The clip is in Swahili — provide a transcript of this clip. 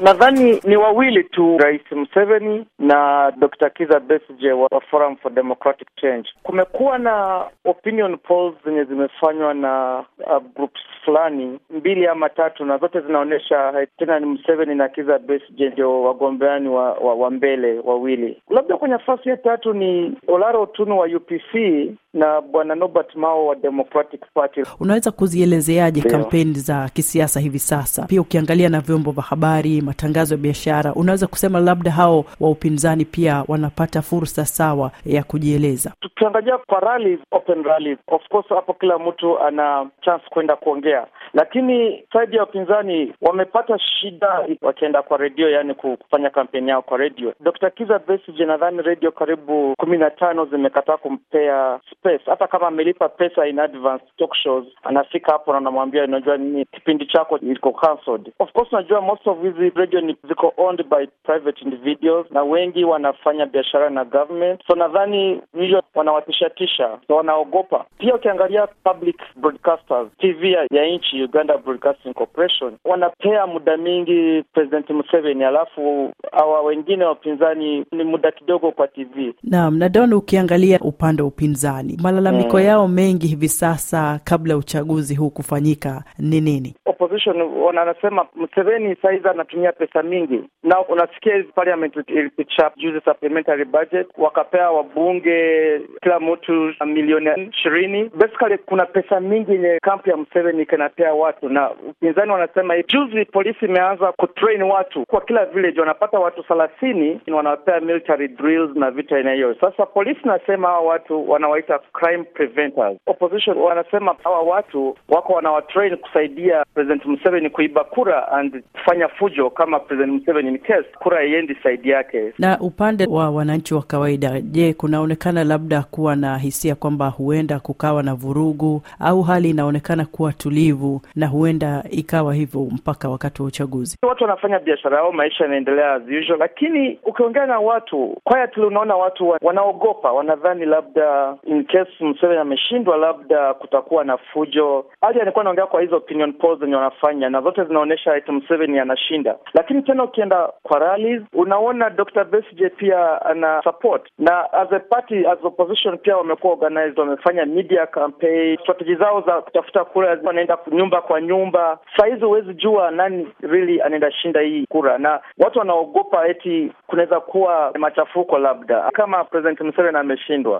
Nadhani ni wawili tu, Rais Museveni na Dr. Kiza Besigye wa Forum for Democratic Change. Kumekuwa na opinion polls zenye zimefanywa na uh, groups fulani mbili ama tatu, na zote zinaonyesha eh, tena ni Museveni na Kiza Besigye ndio wagombeani wa, wa, wa mbele wawili. Labda kwa nafasi ya tatu ni Olaro Otunu wa UPC na bwana Norbert Mao wa Democratic Party. Unaweza kuzielezeaje kampeni za kisiasa hivi sasa, pia ukiangalia na vyombo vya habari matangazo ya biashara, unaweza kusema labda hao wa upinzani pia wanapata fursa sawa ya kujieleza. Tukiangalia kwa rally, open rally, of course hapo kila mtu ana chance kwenda kuongea lakini saidi ya upinzani wamepata shida wakienda kwa redio, yani kufanya kampeni yao kwa redio. Dr. Kiza Besigye, nadhani redio karibu kumi na tano zimekataa kumpea space, hata kama amelipa pesa in advance talk shows, anafika hapo na anamwambia unajua nini, kipindi chako iko cancelled. Of course unajua most of hizi radio ni ziko owned by private individuals, na wengi wanafanya biashara na government, so nadhani hivyo wanawatishatisha, so wanaogopa pia. Ukiangalia public broadcasters, TV ya nchi Uganda Broadcasting Corporation wanapea muda mingi President Museveni, alafu hawa wengine wapinzani ni muda kidogo kwa TV. Naam, na ukiangalia upande wa upinzani malalamiko mm, yao mengi hivi sasa kabla ya uchaguzi huu kufanyika ni nini? Opposition wanasema Museveni saizi anatumia pesa mingi, na unasikia hizi parliament ilipitisha juzi supplementary budget, wakapea wabunge kila mtu milioni ishirini. Basically kuna pesa mingi yenye kampu ya Museveni kanapea watu, na upinzani wanasema hivi. Juzi polisi imeanza kutrain watu kwa kila village, wanapata watu thelathini wanawapea military drills na vita hiyo. Sasa polisi nasema hawa watu wanawaita crime preventers. Opposition wanasema hawa watu wako wanawatrain kusaidia President Museveni kuiba kura and kufanya fujo kama President Museveni ni case, kura haiendi saidi yake. Na upande wa wananchi wa kawaida, je, kunaonekana labda kuwa na hisia kwamba huenda kukawa na vurugu au hali inaonekana kuwa tulivu na huenda ikawa hivyo mpaka wakati wa uchaguzi. Watu wanafanya biashara yao, maisha yanaendelea as usual, lakini ukiongea na watu quietly, unaona watu wanaogopa, wanadhani labda in case Museveni ameshindwa, labda kutakuwa na fujo. Hali alikuwa anaongea kwa hizo opinion polls zenye wanafanya, na zote zinaonyesha eti Museveni anashinda, lakini tena ukienda kwa rallies unaona Dr. Besigye pia ana support na as a party, as opposition pia wamekuwa organized, wamefanya media campaign, strategy zao za kutafuta kura wanaenda nyumba kwa nyumba. Saa hizi huwezi jua nani really anaenda shinda hii kura, na watu wanaogopa eti kunaweza kuwa machafuko, labda kama President Museveni ameshindwa.